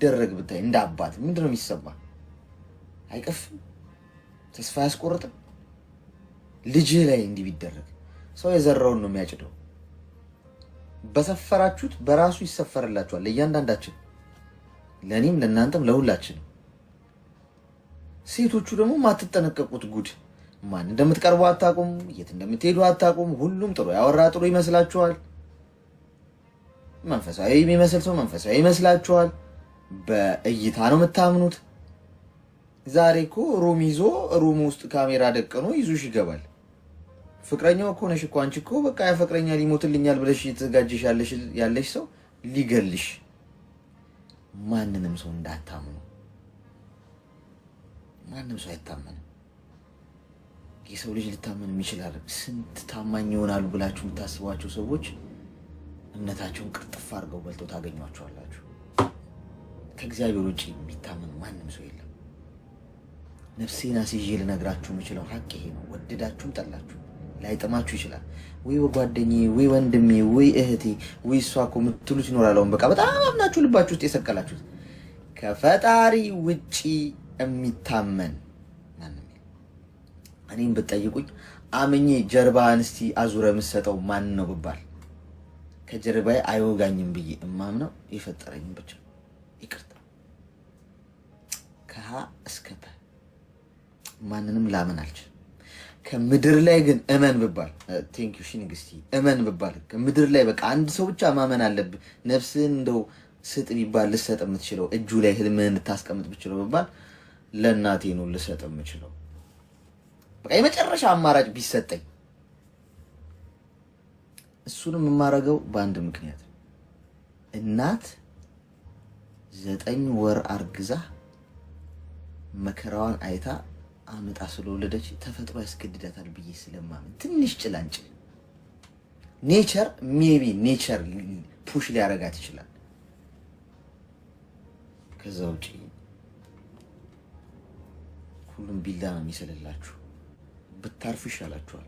ሲደረግ ብታይ እንደ አባት ምንድን ነው የሚሰማ? አይቀፍም? ተስፋ አያስቆርጥም? ልጅህ ላይ እንዲህ ቢደረግ ሰው የዘራውን ነው የሚያጭደው። በሰፈራችሁት በራሱ ይሰፈርላችኋል። ለእያንዳንዳችን፣ ለእኔም፣ ለእናንተም፣ ለሁላችንም። ሴቶቹ ደግሞ ማትጠነቀቁት ጉድ ማን እንደምትቀርቡ አታቁም? የት እንደምትሄዱ አታቁም ሁሉም ጥሩ ያወራ ጥሩ ይመስላችኋል። መንፈሳዊ የሚመስል ሰው መንፈሳዊ ይመስላችኋል። በእይታ ነው የምታምኑት? ዛሬ እኮ ሩም ይዞ ሩም ውስጥ ካሜራ ደቅኖ ይዙሽ ይገባል። ፍቅረኛው እኮ ነሽ እኮ አንቺ እኮ በቃ ያፈቅረኛ ሊሞትልኛል ብለሽ እየተዘጋጀሽ ያለሽ ሰው ሊገልሽ። ማንንም ሰው እንዳታምኑ። ማንም ሰው አይታመንም። የሰው ልጅ ልታመን ይችላል። ስንት ታማኝ ይሆናሉ ብላችሁ የምታስቧቸው ሰዎች እምነታቸውን ቅርጥፍ አድርገው በልተው ታገኟቸዋላችሁ። ከእግዚአብሔር ውጭ የሚታመን ማንም ሰው የለም። ነፍሴን አስይዤ ልነግራችሁ የምችለው ሀቅ ይሄ ነው። ወደዳችሁም ጠላችሁ ላይጥማችሁ ይችላል። ወይ ጓደኛዬ፣ ወይ ወንድሜ፣ ወይ እህቴ፣ ወይ እሷ እኮ የምትሉት ይኖራለውን በቃ በጣም አምናችሁ ልባችሁ ውስጥ የሰቀላችሁት ከፈጣሪ ውጭ የሚታመን ማንም እኔም ብትጠይቁኝ አምኜ ጀርባ አንስቲ አዙረ የምትሰጠው ማን ነው ብባል ከጀርባዬ አይወጋኝም ብዬ እማምነው የፈጠረኝም ብቻ ከሀ እስከ ፐ ማንንም ላምን አልችል። ከምድር ላይ ግን እመን ብባል ቴንክ ዩ ንግስቲ እመን ብባል ከምድር ላይ በቃ አንድ ሰው ብቻ ማመን አለብህ። ነፍስህን እንደው ስጥ ቢባል ልሰጥ የምትችለው እጁ ላይ ህልምህን ልታስቀምጥ ብችለው ብባል ለእናቴ ነው ልሰጥ የምችለው። በቃ የመጨረሻ አማራጭ ቢሰጠኝ እሱንም የማረገው በአንድ ምክንያት እናት ዘጠኝ ወር አርግዛ መከራዋን አይታ አመጣ ስለወለደች ተፈጥሮ ያስገድዳታል ብዬ ስለማምን ትንሽ ጭላንጭል ኔቸር ሜቢ ኔቸር ፑሽ ሊያረጋት ይችላል። ከዛ ውጭ ሁሉም ቢላ ነው የሚስልላችሁ። ብታርፉ ይሻላችኋል።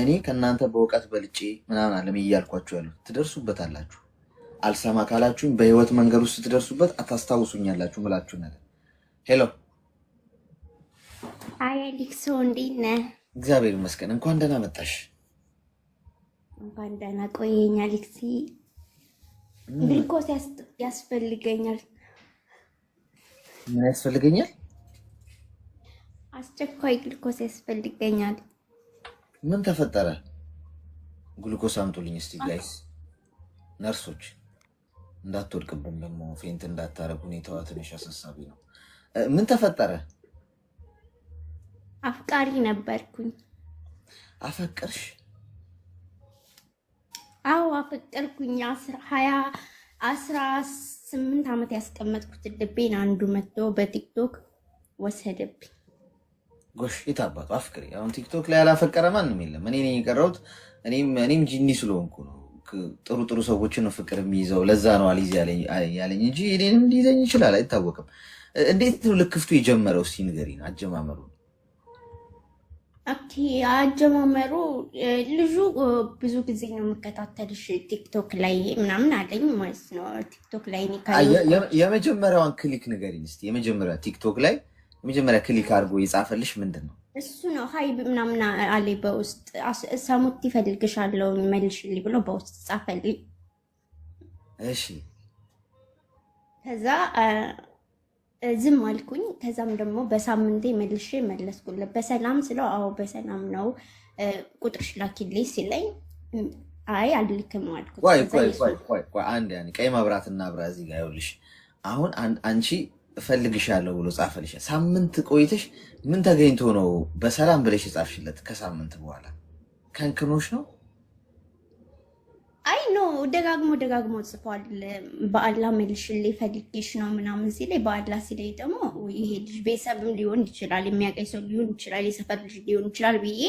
እኔ ከእናንተ በእውቀት በልጬ ምናምን አለም እያልኳችሁ ያሉት ትደርሱበታላችሁ። አልሰማ ካላችሁኝ በህይወት መንገድ ውስጥ ትደርሱበት አታስታውሱኛላችሁ ምላችሁ ነገር ሄሎ አይ አሌክስ እንዴት ነህ? እግዚአብሔር ይመስገን። እንኳን ደህና መጣሽ። እንኳን ደህና ቆየኝ አሌክስ። ግልኮስ ያስፈልገኛል። ምን ያስፈልገኛል? አስቸኳይ ግልኮስ ያስፈልገኛል። ምን ተፈጠረ? ግልኮስ አምጡልኝ እስቲ ጋይስ፣ ነርሶች። እንዳትወድቅብን ደግሞ ፌንት እንዳታረግ። ሁኔታዋ ትንሽ አሳሳቢ ነው። ምን ተፈጠረ? አፍቃሪ ነበርኩኝ። አፈቅርሽ? አዎ አፈቅርኩኝ። ሀያ አስራ ስምንት ዓመት ያስቀመጥኩት ልቤን አንዱ መጥቶ በቲክቶክ ወሰደብኝ። ጎሽ የታባቱ አፍቅሬ። አሁን ቲክቶክ ላይ ያላፈቀረ ማንም የለም። እኔ ነኝ የቀረሁት። እኔም ጂኒ ስለሆንኩ ነው። ጥሩ ጥሩ ሰዎችን ነው ፍቅር የሚይዘው። ለዛ ነው አሊዝ ያለኝ እንጂ እኔንም ሊይዘኝ ይችላል፣ አይታወቅም። እንዴት ነው ልክፍቱ የጀመረው? እስኪ ንገሪን አጀማመሩ። አጀማመሩ ልጁ ብዙ ጊዜ ነው የምከታተልሽ ቲክቶክ ላይ ምናምን አለኝ ማለት ነው። ቲክቶክ ላይ የመጀመሪያዋን ክሊክ ንገሪን እስኪ። የመጀመሪያ ቲክቶክ ላይ የመጀመሪያ ክሊክ አድርጎ የጻፈልሽ ምንድን ነው? እሱ ነው ሀይ ምናምን አለ በውስጥ ሰሙት አለው መልሽልኝ ብሎ በውስጥ ጻፈልኝ። እሺ ከዛ ዝም አልኩኝ። ከዛም ደግሞ በሳምንቴ መልሼ መለስኩለት። በሰላም ስለው አዎ በሰላም ነው ቁጥርሽ ላኪልኝ ሲለኝ አይ አልልክም አልኩት። አንድ ቀይ መብራት እና ብራ እዚህ ጋ ይኸውልሽ። አሁን አንቺ እፈልግሻለሁ ብሎ ጻፈልሽ። ሳምንት ቆይተሽ ምን ተገኝቶ ነው በሰላም ብለሽ የጻፍሽለት? ከሳምንት በኋላ ከንክኖች ነው አይ ኖ ደጋግሞ ደጋግሞ ጽፏል። በአላህ መልሽልኝ ፈልጌሽ ነው ምናምን ሲለኝ በአላህ ሲለኝ ደግሞ ይሄ ልጅ ቤተሰብም ሊሆን ይችላል፣ የሚያቀኝ ሰው ሊሆን ይችላል፣ የሰፈር ልጅ ሊሆን ይችላል ብዬ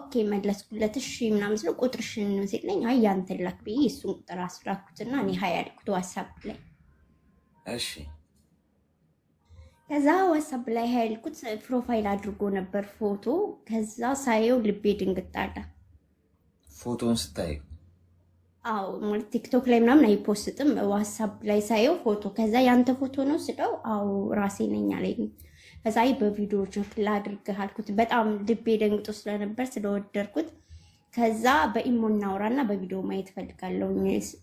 ኦኬ መለስኩለት። እሺ ምናምን ስለው ቁጥርሽን ሲለኝ አይ ያንተን ላክ ብዬ እሱን ቁጥር አስላኩትና እኔ ሀያ ያልኩት ዋሳብ ላይ እሺ ከዛ ዋሳብ ላይ ሀያ ያልኩት ፕሮፋይል አድርጎ ነበር ፎቶ። ከዛ ሳየው ልቤ ድንግጥ ፎቶን ስታየው አዎ ማለት ቲክቶክ ላይ ምናምን አይፖስትም። ዋትሳፕ ላይ ሳየው ፎቶ፣ ከዛ ያንተ ፎቶ ነው ስለው፣ አዎ ራሴ ነኝ አለኝ። ከዛ አይ በቪዲዮ ቸክል አልኩት። በጣም ልቤ ደንግጦ ስለነበር ስለወደድኩት፣ ከዛ በኢሞ እናውራና በቪዲዮ ማየት ፈልጋለሁ።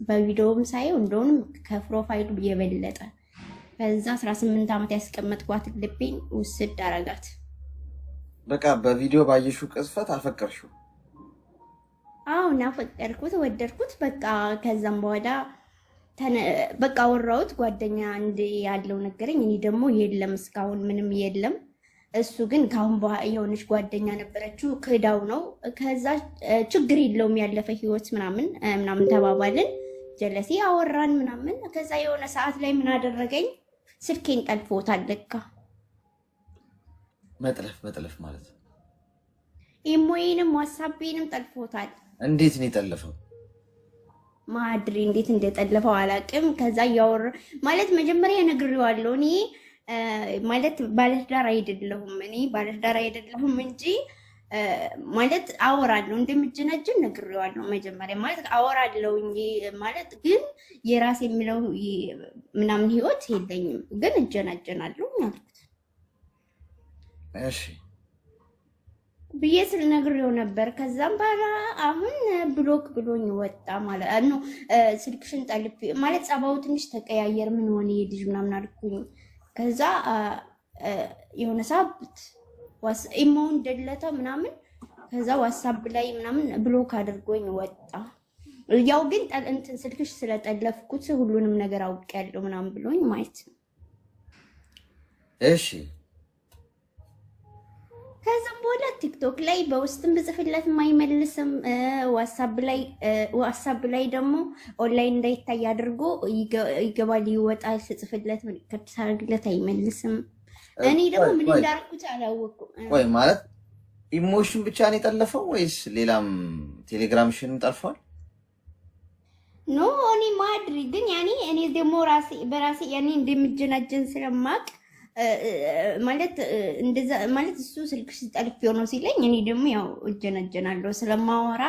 በቪዲዮም ሳየው እንደውም ከፕሮፋይሉ የበለጠ ከዛ 18 ዓመት ያስቀመጥኳት ልቤን ውስድ አረጋት። በቃ በቪዲዮ ባየሽው ቅጽፈት አፈቀርሽው። አዎ ናፈቀርኩት፣ ወደድኩት። በቃ ከዛም በኋላ በቃ ወራውት ጓደኛ እንድ ያለው ነገረኝ። እኔ ደግሞ የለም እስካሁን ምንም የለም። እሱ ግን ከአሁን የሆነች ጓደኛ ነበረችው ክዳው ነው። ከዛ ችግር የለውም ያለፈ ህይወት ምናምን ምናምን ተባባልን። ጀለሴ አወራን ምናምን። ከዛ የሆነ ሰዓት ላይ ምን አደረገኝ? ስልኬን ጠልፎታል። አለካ መጥለፍ መጥለፍ ማለት ነው። ዋሳቤንም ጠልፎታል። እንዴት ነው የጠለፈው? ማድሪ እንዴት እንደጠለፈው አላውቅም። ከዛ እያወር ማለት መጀመሪያ ነግሬዋለሁ። እኔ ማለት ባለትዳር አይደለሁም እኔ ባለትዳር አይደለሁም እንጂ ማለት አወራለሁ እንደምጀናጅን ነግሬዋለሁ። መጀመሪያ ማለት አወራለሁ ማለት ግን የራስ የሚለው ምናምን ህይወት የለኝም፣ ግን እጀናጀናለሁ ማለት እሺ ብዬ ስል ነግሬው ነበር። ከዛም በኋላ አሁን ብሎክ ብሎኝ ወጣ ማለት ነው። ስልክሽን ጠልፍ ማለት ጸባው ትንሽ ተቀያየር ምን ሆነ የልጅ ምናምን አልኩኝ። ከዛ የሆነ ሳብት ኢሞውን ደለተ ምናምን ከዛ ዋሳብ ላይ ምናምን ብሎክ አድርጎኝ ወጣ። ያው ግን እንትን ስልክሽ ስለጠለፍኩት ሁሉንም ነገር አውቅ ያለው ምናምን ብሎኝ ማለት ነው። እሺ ከዛም በኋላ ቲክቶክ ላይ በውስጥም ብጽፍለት የማይመልስም፣ ዋትሳፕ ላይ ደግሞ ኦንላይን እንዳይታይ አድርጎ ይገባል ይወጣል። ስጽፍለት ምልክት ሳደርግለት አይመልስም። እኔ ደግሞ ምን እንዳርኩት አላወቅኩም። ወይ ማለት ኢሞሽን ብቻ ነው የጠለፈው ወይስ ሌላም ቴሌግራምሽንም ጠልፏል? ኖ እኔ ማድሪ ግን ያኔ እኔ ደግሞ በራሴ ያኔ እንደምጀናጀን ስለማቅ ማለት እንደዛ ማለት እሱ ስልክሽ ጠልፌው ነው ሲለኝ፣ እኔ ደግሞ ያው እጀነጀናለሁ ስለማወራ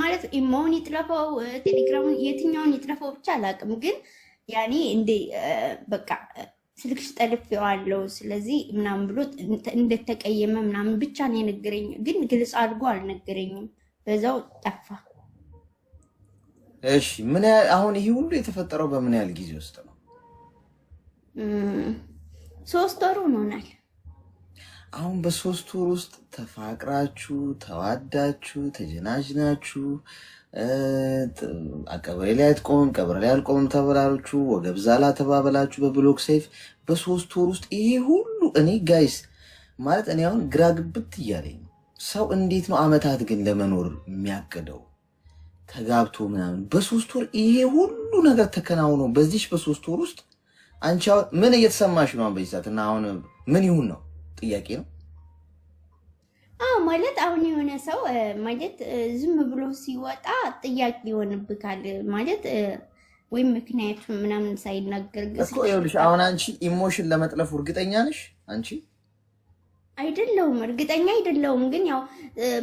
ማለት ኢሞውን ይጥለፈው ቴሌግራሙን የትኛውን ይጥለፈው ብቻ አላውቅም፣ ግን ያኔ እንደ በቃ ስልክሽ ጠልፌዋለሁ ስለዚህ ምናምን ብሎ እንደተቀየመ ምናምን ብቻ ነው የነገረኝ፣ ግን ግልጽ አድርጎ አልነገረኝም። በዛው ጠፋ። እሺ ምን አሁን ይሄ ሁሉ የተፈጠረው በምን ያህል ጊዜ ውስጥ ነው? ሶስት ወር ሆኖናል። አሁን በሶስት ወር ውስጥ ተፋቅራችሁ ተዋዳችሁ ተጀናጅናችሁ ቀበሬ ላይ አትቆምም ቀበሬ ላይ አልቆምም ተበላችሁ፣ ወገብ ዛላ ተባበላችሁ በብሎክ ሰይፍ። በሶስት ወር ውስጥ ይሄ ሁሉ እኔ ጋይስ ማለት እኔ አሁን ግራ ግብት እያለኝ ነው። ሰው እንዴት ነው አመታት ግን ለመኖር የሚያቅደው ተጋብቶ ምናምን? በሶስት ወር ይሄ ሁሉ ነገር ተከናውኖ በዚች በሶስት ወር ውስጥ አንቺ ምን እየተሰማሽ ነው በዚህ እና አሁን ምን ይሁን ነው ጥያቄ ነው። አዎ ማለት አሁን የሆነ ሰው ማለት ዝም ብሎ ሲወጣ ጥያቄ ይሆንብካል ማለት ወይም ምክንያቱ ምናምን ሳይናገር እኮ ይኸውልሽ፣ አሁን አንቺ ኢሞሽን ለመጥለፍ እርግጠኛ ነሽ አንቺ አይደለውም እርግጠኛ አይደለውም። ግን ያው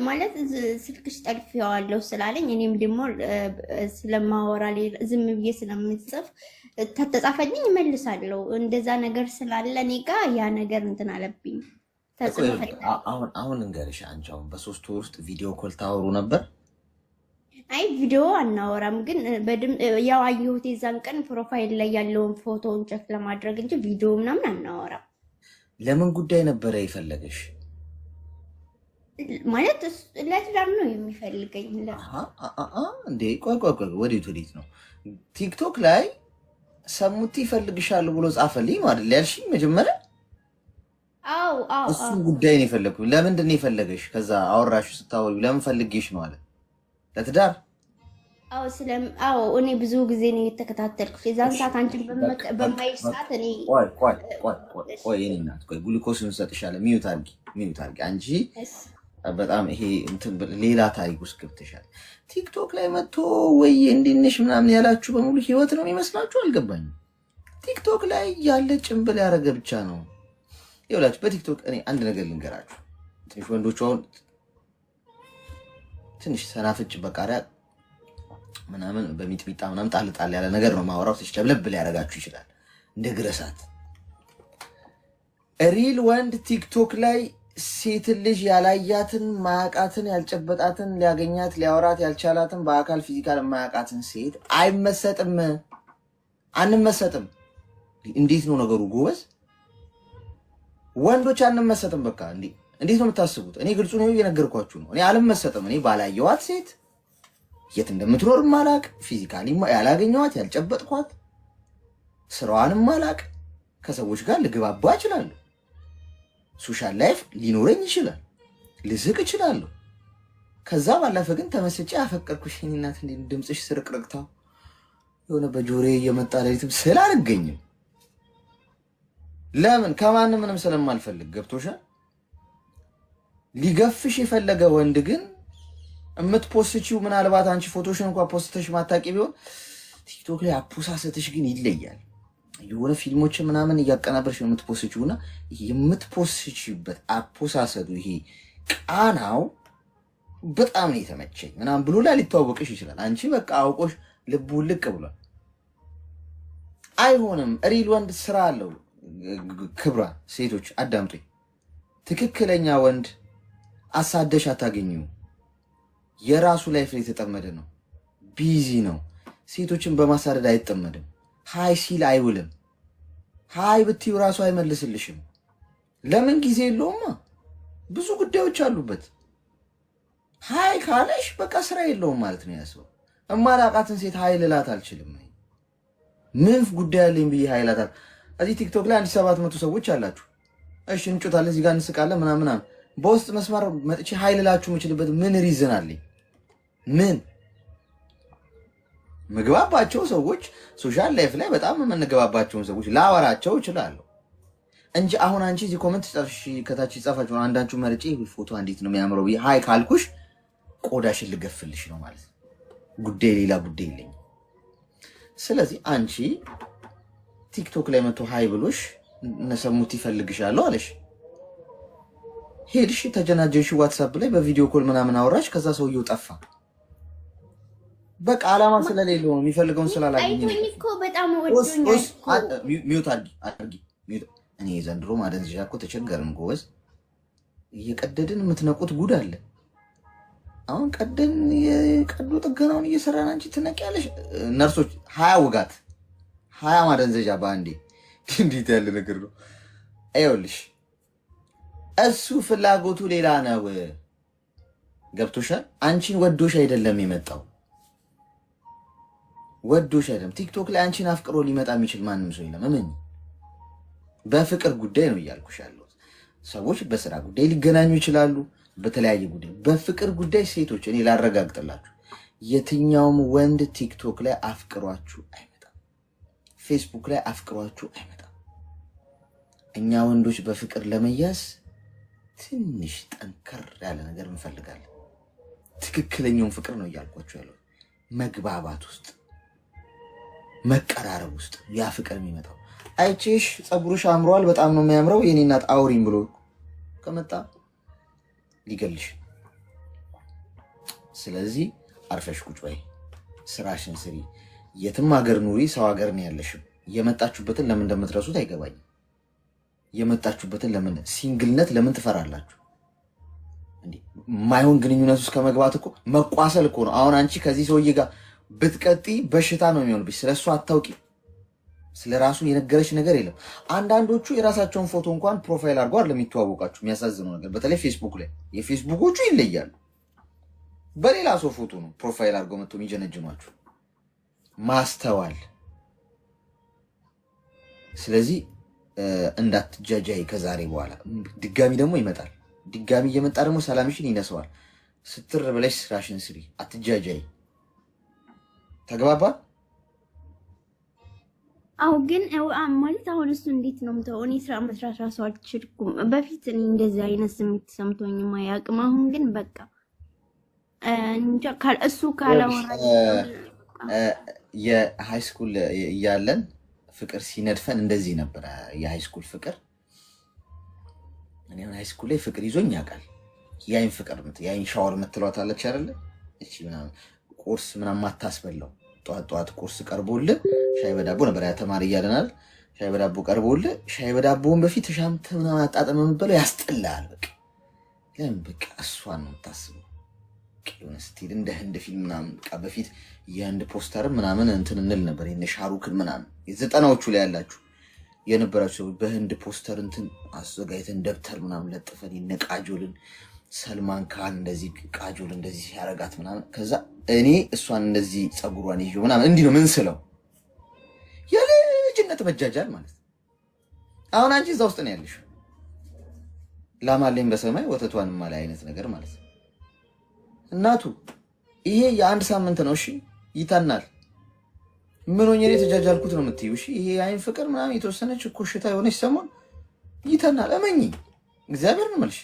ማለት ስልክሽ ጠልፌዋለሁ ስላለኝ እኔም ደግሞ ስለማወራ ዝም ብዬ ስለምጽፍ ተተጻፈልኝ እመልሳለሁ። እንደዛ ነገር ስላለ እኔ ጋ ያ ነገር እንትን አለብኝ። አሁን እንገርሽ አንቺ አሁን በሶስት ወር ውስጥ ቪዲዮ ኮል ታወሩ ነበር? አይ ቪዲዮ አናወራም፣ ግን ያው አየሁት የዛን ቀን ፕሮፋይል ላይ ያለውን ፎቶውን ቸክ ለማድረግ እንጂ ቪዲዮ ምናምን አናወራም። ለምን ጉዳይ ነበረ የፈለገሽ? ማለት ለትዳር ነው የሚፈልገኝ። እንዴ ቆይ ቆይ ቆይ፣ ወዴት ወዴት ነው? ቲክቶክ ላይ ሰሙቲ ይፈልግሻል ብሎ ጻፈልኝ ማለት ሊያልሽኝ መጀመሪያ። እሱን ጉዳይ ነው የፈለግኩ። ለምንድን ነው የፈለገሽ? ከዛ አወራሽ ስታወሪ ለምን ፈልጌሽ ነው አለ ለትዳር አዎ ስለም አዎ እኔ ብዙ ጊዜ ነው የተከታተልኩሽ። የዛን ሰዓት አንቺን በማይሽ ሰዓት እኔ ቆይ ቆይ ቆይ ቆይ ቆይ የእኔ እናት ቆይ ግሉኮስን እሰጥሻለሁ። ሚዩት አድርጊ ሚዩት አድርጊ አንቺ በጣም ይሄ እንትን ሌላ ታሪክ ውስጥ ገብተሻል። ቲክቶክ ላይ መጥቶ ወይ እንዴት ነሽ ምናምን ያላችሁ በሙሉ ህይወት ነው የሚመስላችሁ አልገባኝም። ቲክቶክ ላይ ያለ ጭንብል ያደረገ ብቻ ነው ይውላችሁ። በቲክቶክ እኔ አንድ ነገር ልንገራችሁ። ትንሽ ወንዶቹ አሁን ትንሽ ሰናፍጭ በቃሪያ ምናምን በሚጥሚጣ ምናምን ጣል ጣል ያለ ነገር ነው ማወራው። ሲለብለብ ሊያረጋችሁ ይችላል እንደ ግረሳት። ሪል ወንድ ቲክቶክ ላይ ሴትን ልጅ ያላያትን ማያቃትን ያልጨበጣትን ሊያገኛት ሊያወራት ያልቻላትን በአካል ፊዚካል ማያቃትን ሴት አይመሰጥም። አንመሰጥም። እንዴት ነው ነገሩ? ጎበዝ ወንዶች አንመሰጥም። በቃ እንዴት ነው የምታስቡት? እኔ ግልጹ ነው እየነገርኳችሁ ነው። እኔ አልመሰጥም። እኔ ባላየዋት ሴት የት እንደምትኖር ማላቅ፣ ፊዚካሊ ያላገኘኋት ያልጨበጥኳት፣ ስራዋን ማላቅ፣ ከሰዎች ጋር ልግባባ እችላለሁ። ሶሻል ላይፍ ሊኖረኝ ይችላል። ልስቅ እችላለሁ። ከዛ ባለፈ ግን ተመስጬ ያፈቀርኩሽ እናት እንዴ ድምፅሽ ስርቅርቅታ የሆነ በጆሬ እየመጣ ለሊትም ስል አልገኝም። ለምን ከማንም ምንም ስለማልፈልግ ገብቶሻል። ሊገፍሽ የፈለገ ወንድ ግን የምትፖስችው ምናልባት አንቺ ፎቶሽን እንኳ ፖስተሽ ማታቂ ቢሆን ቲክቶክ ላይ አፖሳሰትሽ ግን ይለያል። የሆነ ፊልሞችን ምናምን እያቀናበርሽ የምትፖስችው እና የምትፖስችበት አፖሳሰዱ ይሄ ቃናው በጣም ነው የተመቸኝ ምናምን ብሎ ላይ ሊተዋወቅሽ ይችላል። አንቺ በቃ አውቆሽ ልቡ ልቅ ብሏል። አይሆንም። ሪል ወንድ ስራ አለው። ክብራ ሴቶች አዳምጡኝ። ትክክለኛ ወንድ አሳደሽ አታገኙ። የራሱ ላይፍ ላይ የተጠመደ ነው። ቢዚ ነው። ሴቶችን በማሳደድ አይጠመድም። ሀይ ሲል አይውልም። ሀይ ብትዩ ራሱ አይመልስልሽም። ለምን ጊዜ የለውማ፣ ብዙ ጉዳዮች አሉበት። ሀይ ካለሽ በቃ ስራ የለውም ማለት ነው ያሰው። እማላቃትን ሴት ሀይ ልላት አልችልም። ምንፍ ጉዳይ አለኝ ብዬ ሀይ ላታል። እዚህ ቲክቶክ ላይ አንድ ሰባት መቶ ሰዎች አላችሁ። እሺ እንጮታለን፣ እዚህ ጋር እንስቃለን ምናምናም። በውስጥ መስመር መጥቼ ሀይ ልላችሁ የምችልበት ምን ሪዝን አለኝ? ምን ምግባባቸው ሰዎች ሶሻል ላይፍ ላይ በጣም የምንገባባቸውን ሰዎች ላወራቸው እችላለሁ እንጂ አሁን አንቺ እዚህ ኮመንት ከታች ይጻፋችሁ አንዳንቹ መርጬ ፎቶ እንዴት ነው የሚያምረው ብዬ ሀይ ካልኩሽ ቆዳሽን ልገፍልሽ ነው ማለት ነው። ጉዳይ ሌላ ጉዳይ የለኝም። ስለዚህ አንቺ ቲክቶክ ላይ መቶ ሀይ ብሎሽ እነሰሙት ይፈልግሻለሁ አለሽ። ሄድሽ ተጀናጀንሽ፣ ዋትሳፕ ላይ በቪዲዮ ኮል ምናምን አወራሽ። ከዛ ሰውየው ጠፋ። በቃ አላማ ስለሌለው ነው የሚፈልገውን ስላላገኘ ሚውት አድርጊ። እኔ ዘንድሮ ማደንዝዣ እኮ ተቸገርን ጎበዝ። እየቀደድን የምትነቁት ጉድ አለ። አሁን ቀደን የቀዶ ጥገናውን እየሰራን አንቺ ትነቂያለሽ። ነርሶች ሀያ ውጋት ሀያ ማደንዘዣ በአንዴ እንዴት ያለ ነገር ነው? ይኸውልሽ እሱ ፍላጎቱ ሌላ ነው። ገብቶሻል። አንቺን ወዶሽ አይደለም የመጣው ወዶሽ አይደለም። ቲክቶክ ላይ አንቺን አፍቅሮ ሊመጣ የሚችል ማንም ሰው የለም። እመኝ፣ በፍቅር ጉዳይ ነው እያልኩሽ ያለሁት። ሰዎች በስራ ጉዳይ ሊገናኙ ይችላሉ፣ በተለያየ ጉዳይ። በፍቅር ጉዳይ ሴቶች፣ እኔ ላረጋግጥላችሁ፣ የትኛውም ወንድ ቲክቶክ ላይ አፍቅሯችሁ አይመጣም፣ ፌስቡክ ላይ አፍቅሯችሁ አይመጣም። እኛ ወንዶች በፍቅር ለመያዝ ትንሽ ጠንከር ያለ ነገር እንፈልጋለን። ትክክለኛውን ፍቅር ነው እያልኳቸው ያለው መግባባት ውስጥ መቀራረብ ውስጥ ያ ፍቅር የሚመጣው አይቼሽ ፀጉርሽ አምሯል፣ በጣም ነው የሚያምረው የኔ እናት አውሪኝ ብሎ ከመጣ ሊገልሽ። ስለዚህ አርፈሽ ቁጭ በይ፣ ስራሽን ስሪ፣ የትም ሀገር ኑሪ። ሰው ሀገር ነው ያለሽም። የመጣችሁበትን ለምን እንደምትረሱት አይገባኝም። የመጣችሁበትን ለምን ሲንግልነት ለምን ትፈራላችሁ? ማይሆን ግንኙነት ውስጥ ከመግባት እኮ መቋሰል እኮ ነው። አሁን አንቺ ከዚህ ሰውዬ ጋር ብትቀጢ በሽታ ነው የሚሆንብሽ። ስለ እሱ አታውቂ። ስለ ራሱ የነገረች ነገር የለም። አንዳንዶቹ የራሳቸውን ፎቶ እንኳን ፕሮፋይል አድርጎ ለሚተዋወቃችሁ የሚያሳዝነው ነገር በተለይ ፌስቡክ ላይ የፌስቡኮቹ ይለያሉ። በሌላ ሰው ፎቶ ነው ፕሮፋይል አድርጎ መጥቶ የሚጀነጅኗችሁ። ማስተዋል። ስለዚህ እንዳትጃጃይ ከዛሬ በኋላ። ድጋሚ ደግሞ ይመጣል። ድጋሚ እየመጣ ደግሞ ሰላምሽን ይነሰዋል። ስትር ብለሽ ስራሽን ስሪ። አትጃጃይ። ተግባባ። አው ግን ማለት አሁን እሱ እንዴት ነው ምተው? እኔ ስራ መስራት ራሱ አልችልኩም። በፊት እኔ እንደዚህ አይነት ስሜት ተሰምቶኝ አያውቅም። አሁን ግን በቃ እንጃ እሱ ካላወራ የሃይስኩል እያለን ፍቅር ሲነድፈን እንደዚህ ነበረ። የሃይስኩል ፍቅር እኔ ሃይስኩል ላይ ፍቅር ይዞኝ ያውቃል። ያይን ፍቅር ያይን ሻወር የምትሏታለች አይደለ? እቺ ምናምን ቁርስ ምናምን ማታስበላው ጠዋት ጠዋት ቁርስ ቀርቦልህ ሻይ በዳቦ ነበር ያ ተማሪ እያለናል። ሻይ በዳቦ ቀርቦልህ ሻይ በዳቦውን በፊት ሻምተህ ምናምን አጣጥም የምትበለው ያስጠላል። በቃ ለምን በቃ እሷን ነው የምታስበው። ስትሄድ እንደ ህንድ ፊልም ምናምን በቃ በፊት የህንድ ፖስተር ምናምን እንትን እንል ነበር የእነ ሻሩክን ምናምን የዘጠናዎቹ ላይ ያላችሁ የነበራችሁ በህንድ ፖስተር እንትን አዘጋጅተን ደብተር ምናምን ለጥፈን የነቃጆልን ሰልማን ካን እንደዚህ ቃጆል እንደዚህ ሲያረጋት ምናምን ከዛ እኔ እሷን እንደዚህ ፀጉሯን ይዤ ምናምን እንዲህ ነው ምን ስለው የልጅነት መጃጃል ማለት አሁን አንቺ እዛ ውስጥ ነው ያለሽ። ላማለኝ በሰማይ ወተቷን ማለ አይነት ነገር ማለት ነው። እናቱ ይሄ የአንድ ሳምንት ነው እሺ፣ ይተናል። ምን ሆኜ የተጃጃልኩት ነው የምትይው? እሺ ይሄ አይን ፍቅር ምናምን የተወሰነች እኮ ሽታ የሆነች ሰሞን ይተናል። እመኝ እግዚአብሔር ነው የምልሽ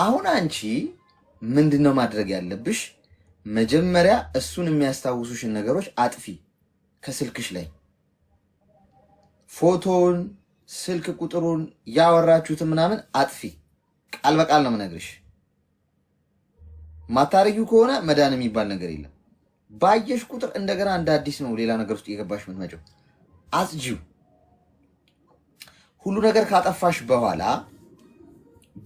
አሁን አንቺ ምንድን ነው ማድረግ ያለብሽ? መጀመሪያ እሱን የሚያስታውሱሽን ነገሮች አጥፊ ከስልክሽ ላይ ፎቶውን፣ ስልክ ቁጥሩን፣ ያወራችሁትን ምናምን አጥፊ። ቃል በቃል ነው ምነግርሽ። ማታረጊው ከሆነ መዳን የሚባል ነገር የለም። ባየሽ ቁጥር እንደገና እንደ አዲስ ነው ሌላ ነገር ውስጥ እየገባሽ የምትመጪው። አጽጂው ሁሉ ነገር ካጠፋሽ በኋላ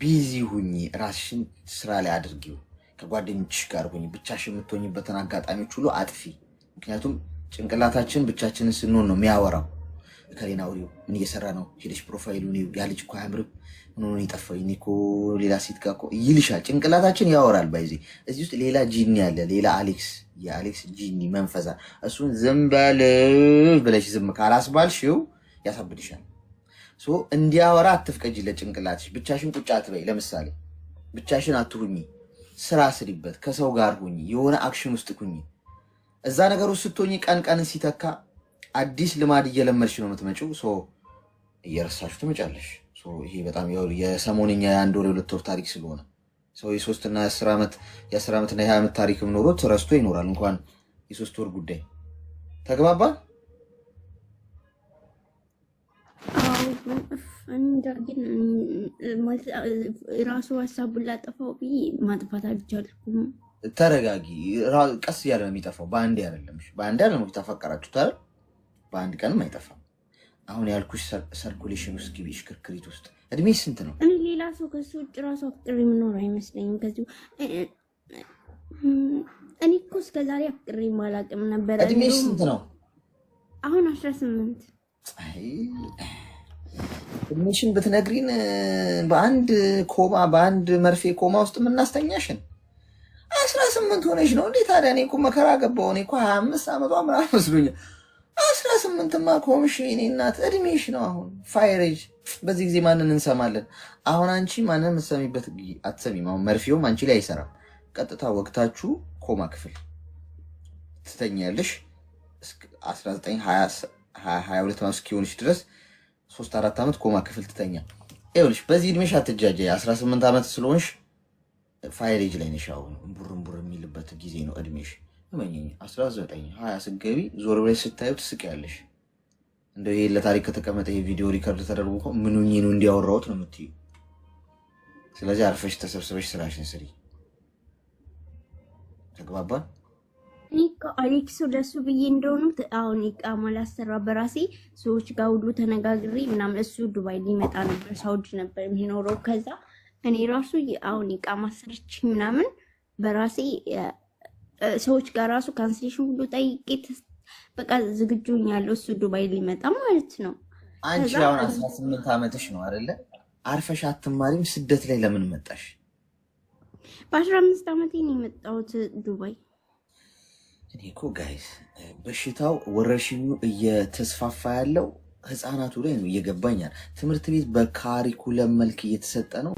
ቢዚ ሁኚ፣ ራስሽን ስራ ላይ አድርጊው፣ ከጓደኞችሽ ጋር ሁኚ፣ ብቻሽ የምትሆኝበትን አጋጣሚዎች ሁሉ አጥፊ። ምክንያቱም ጭንቅላታችን ብቻችንን ስንሆን ነው የሚያወራው። ከሌና አውሪው ምን እየሰራ ነው? ሄደሽ ፕሮፋይሉ ያ ልጅ እኮ አያምርም፣ ምንሆን የጠፋኝ እኔ እኮ ሌላ ሴት ጋር እኮ ይልሻል። ጭንቅላታችን ያወራል። ባይዜ እዚህ ውስጥ ሌላ ጂኒ አለ፣ ሌላ አሌክስ፣ የአሌክስ ጂኒ መንፈሳ። እሱን ዝም በል ብለሽ ዝም ካላስባልሽው ያሳብድሻል። እንዲያወራ አትፍቀጂለት። ለጭንቅላትሽ። ብቻሽን ቁጭ አትበይ። ለምሳሌ ብቻሽን አትሁኝ ስራ ስሪበት፣ ከሰው ጋር ሁኝ የሆነ አክሽን ውስጥ ሁኚ። እዛ ነገር ውስጥ ስትሆኝ ቀን ቀንን ሲተካ አዲስ ልማድ እየለመድሽ ነው የምትመጪው። እየረሳችሁ ትመጫለሽ። ይሄ በጣም የሰሞንኛ የአንድ ወር የሁለት ወር ታሪክ ስለሆነ ሰው የሶስትና የአስር ዓመትና የሀያ ዓመት ታሪክም ኖሮት ረስቶ ይኖራል። እንኳን የሶስት ወር ጉዳይ ተግባባ። ራሱ ሀሳቡን ላጠፋው ብዬ ማጥፋት አልቻልኩም። ተረጋጊ። ቀስ እያለ ነው የሚጠፋው። በአንድ አይደለም፣ በአንድ አይደለም። ተፈቀራችሁ ታረ በአንድ ቀንም አይጠፋም። አሁን ያልኩሽ ሰርኩሌሽን ውስጥ ግቢ፣ ሽክርክሪት ውስጥ እድሜ ስንት ነው? እኔ ሌላ ሰው ከሱ ውጭ ራሱ አፍቅሪ የምኖር አይመስለኝም። ከዚ እኔ እኮ እስከዛሬ አፍቅሬ አላውቅም ነበረ። እድሜ ስንት ነው? አሁን አስራ ስምንት ትንሽን ብትነግሪን በአንድ ኮማ በአንድ መርፌ ኮማ ውስጥ የምናስተኛሽን አስራ ስምንት ሆነች ነው እንዴ ታዲያ? እኔ እኮ መከራ ገባሁ። እኔ እኮ ሀያ አምስት ዓመቷ ምናምን መስሎኛል። አስራ ስምንትማ ከሆንሽ እኔ እናት እድሜሽ ነው አሁን ፋይሬጅ። በዚህ ጊዜ ማንን እንሰማለን? አሁን አንቺ ማንን የምትሰሚበት አትሰሚም። አሁን መርፌውም አንቺ ላይ አይሰራም። ቀጥታ ወቅታችሁ ኮማ ክፍል ትተኛለሽ። ሀያ ሁለት ዓመት እስኪሆንሽ ድረስ ሶስት አራት ዓመት ኮማ ክፍል ትተኛ። ይኸውልሽ በዚህ እድሜሽ አትጃጃ። አስራ ስምንት ዓመት ስለሆንሽ ፋይሬጅ ላይ ነሽ። አሁን እምቡር የሚልበት ጊዜ ነው እድሜሽ። እመኚኝ አስራ ዘጠኝ ሀያ ስትገቢ ዞር ብለሽ ስታዩ ትስቂያለሽ። እንደ ይሄ ለታሪክ ከተቀመጠ ይሄ ቪዲዮ ሪከርድ ተደርጎ እኮ ምኑኝ ነው እንዲያወራሁት ነው የምትዩ። ስለዚህ አርፈሽ ተሰብስበሽ ስራሽን ስሪ። ተግባባን? አሌክስ ለሱ ብዬ እንደሆኑት አሁን ኢቃማ ላሰራ በራሴ ሰዎች ጋር ሁሉ ተነጋግሬ ምናምን እሱ ዱባይ ሊመጣ ነበር፣ ሳውዲ ነበር የሚኖረው። ከዛ እኔ ራሱ አሁን ኢቃማ ሰርች ምናምን በራሴ ሰዎች ጋር ራሱ ካንስሌሽን ሁሉ ጠይቄ በቃ ዝግጁ ያለው እሱ ዱባይ ሊመጣ ማለት ነው። አንቺ አሁን አስራ ስምንት ዓመትሽ ነው አይደለ? አርፈሽ አትማሪም። ስደት ላይ ለምን መጣሽ? በአስራ አምስት ዓመቴ ነው የመጣሁት ዱባይ እኔ እኮ ጋይስ በሽታው ወረርሽኙ እየተስፋፋ ያለው ህፃናቱ ላይ ነው እየገባኛል። ትምህርት ቤት በካሪኩለም መልክ እየተሰጠ ነው